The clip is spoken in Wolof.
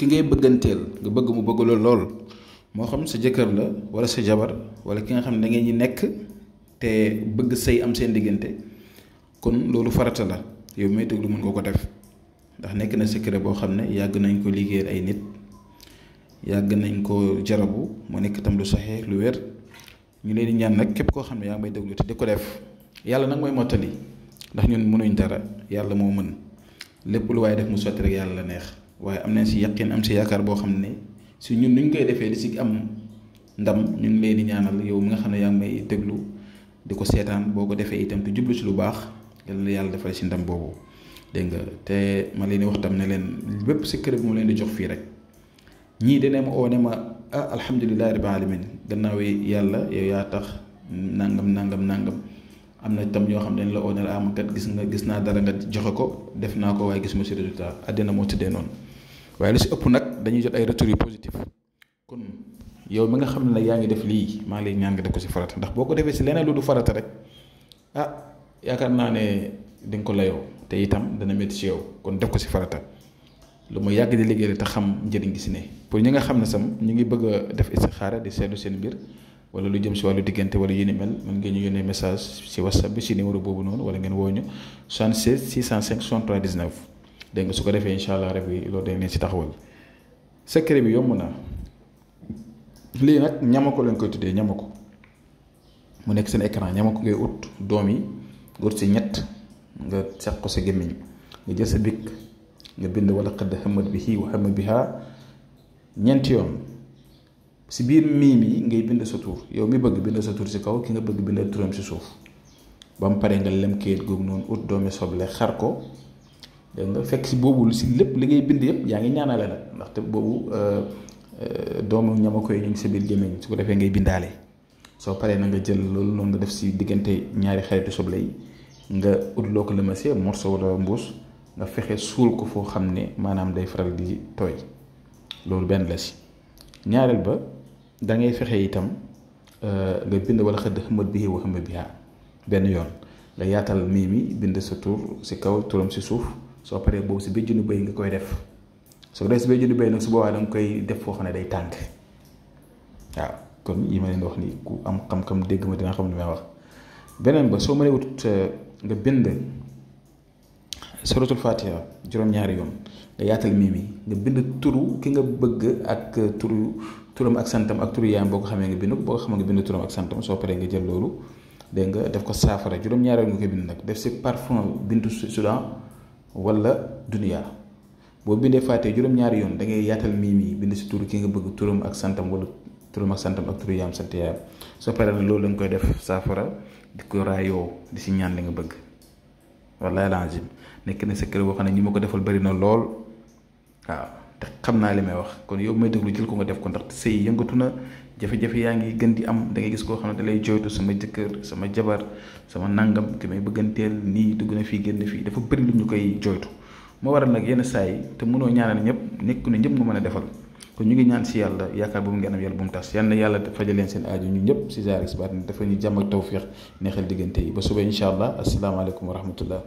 ki ngay bëggantel nga bëgg mu bëgg lool lool moo xam sa jëkkër la wala sa jabar wala ki nga xam da ngay ñi nekk te bëgg sëy am seen diggante kon loolu farata la yow may déglu mën nga ko def ndax nekk na secret boo xam ne yàgg nañ ko liggéeyal ay nit yàgg nañ ko jarabu mu nekk tam lu saxee lu wér ñu leen di ñaan nag képp koo xam ne yaa may déglu te di ko def yàlla nag mooy mottali ndax ñun mënuñ dara yàlla moo mën lépp lu waaye def mu sotti rek yàlla la neex waaye am nañ si yaqin am si yaakaar boo xam ne si ñun nuñ koy defee di si am ndam ñu ngi leen di ñaanal yow mi nga xam ne yaa ngi may déglu di ko seetaan boo ko defee itam te jublu si lu baax yal na yàlla defal si ndam boobu dégg nga te ma leen di wax tam ne leen bépp si kër bi mu leen di jox fii rek ñii dana ma oo ne ma ah alhamdulilah rabbil alamin gannaaw yalla yow yaa tax nangam nangam nangam am na tam ñoo xam dañ la oo ne la am ah, kat gis nga gis naa dara nga joxe ko def naa ko waaye gis ma si résultat àddina moo tëddee noonu. waye lu si ëpp nak dañuy jot ay retour yu positif kon yow mi nga xam ne yaangi def li ma lay ñaan nga def ko ci farata ndax boko defé ci leneen lu du farata rek ah yaakar na né di ko layo té itam dana metti ci yow kon def ko ci farata lu mu yagg di liggéey ta xam jëriñ gi ci né pour ñi nga xam ne sam ñi ngi bëgg def istikhara di sédu seen bir wala lu jëm si walu digënté wala yu mel mën ngeen ñu yone message ci whatsapp bi ci numéro bobu non wala ngeen woñu 76 605 73 19 dégg nga su ko defee incha allah rabbi loolu dañ leen si taxawal secret bi yomb na lii nag ñama ko lañ koy tuddee ñama ko mu nekk seen écran ñama ko ngay ut doom yi nga ut si ñett nga seq ko sa gémmiñ nga jël sa bikk nga bind wala xëdd xamat bi xii wa xamat bi xaa ñeenti yoon si biir miim mii ngay bind sa tur yow mi bëgg bind sa tur si kaw ki nga bëgg bind turam si suuf ba mu paree nga lem kayit googu noonu ut doomi soble xar ko nga fekk si boobu si lépp li ngay bind yëpp yaa ngi ñaanale nag ndaxte boobu euh, euh, doomu ñama koy ñu ngi sa biir gémmiñ su ko defee ngay bindaale soo paree na nga jël loolu noonu nga def si diggante ñaari xaritu soble yi nga ut loo ko lëmasee morceau wala mbuus nga fexe suul ko foo xam ne maanaam day faral di tooy loolu benn la si ñaareel ba dangay fexe itam euh, nga bind wala xëdd xëmbat bi wa benn yoon nga yaatal mii mi bind sa tur si kaw turam si suuf so paree boobu si biir junni bëy nga koy def so dee si biir junni bëy su boobaa da koy def fo xam day tank wa kon yi ma wax ni ku am xam-xam deg ma dina xam ni may wax benen ba so mari wut eh, nga bind suratul fatiha juróom-ñaari yoon nga yaatal mimi nga bind turu ki nga bëgg ak turu turam ak santam ak turu yaam boko xamé nga bind ko boko xam nga bind turam ak santam so paree nga jël lolu de nga def ko safara juróom-ñaari nga koy bind nak def ci parfum bintu sudan wala duniya boo bindee fàtte juróom-ñaari yoon da ngay yaatal miim mii bind si tur ki nga bëgg turam ak santam wala turam ak santam ak turu yaam sant yaayam soo paree nag loolu lañ koy def saafara di ko raayoo di si ñaan li nga bëgg wala laazim nekk na secret boo xam ne ñi ma ko defal bari na lool waaw te xam naa li may wax kon yow may déglu jël ko nga def ko ndax sëy yëngatu na jafe-jafe yaa ngi gën di am da ngay gis koo xam ne da lay jooytu sama jëkkër sama jabar sama nangam ki may bëgganteel nii dugg na fii génn fii dafa bëri lu ñu koy jooytu moo waral nag yenn saa te mënoo ñaanal ñëpp nekk na ñëpp nga mën a defal kon ñu ngi ñaan si yàlla yaakaar bu mu ngeen am yàlla bu mu tas yal na yàlla fajal leen seen aajo ñu ñëpp si Zahiroul Hizbut dafa ñu jàmm ak tawféex diggante yi ba suba incha allah asalaamaaleykum wa rahmatullah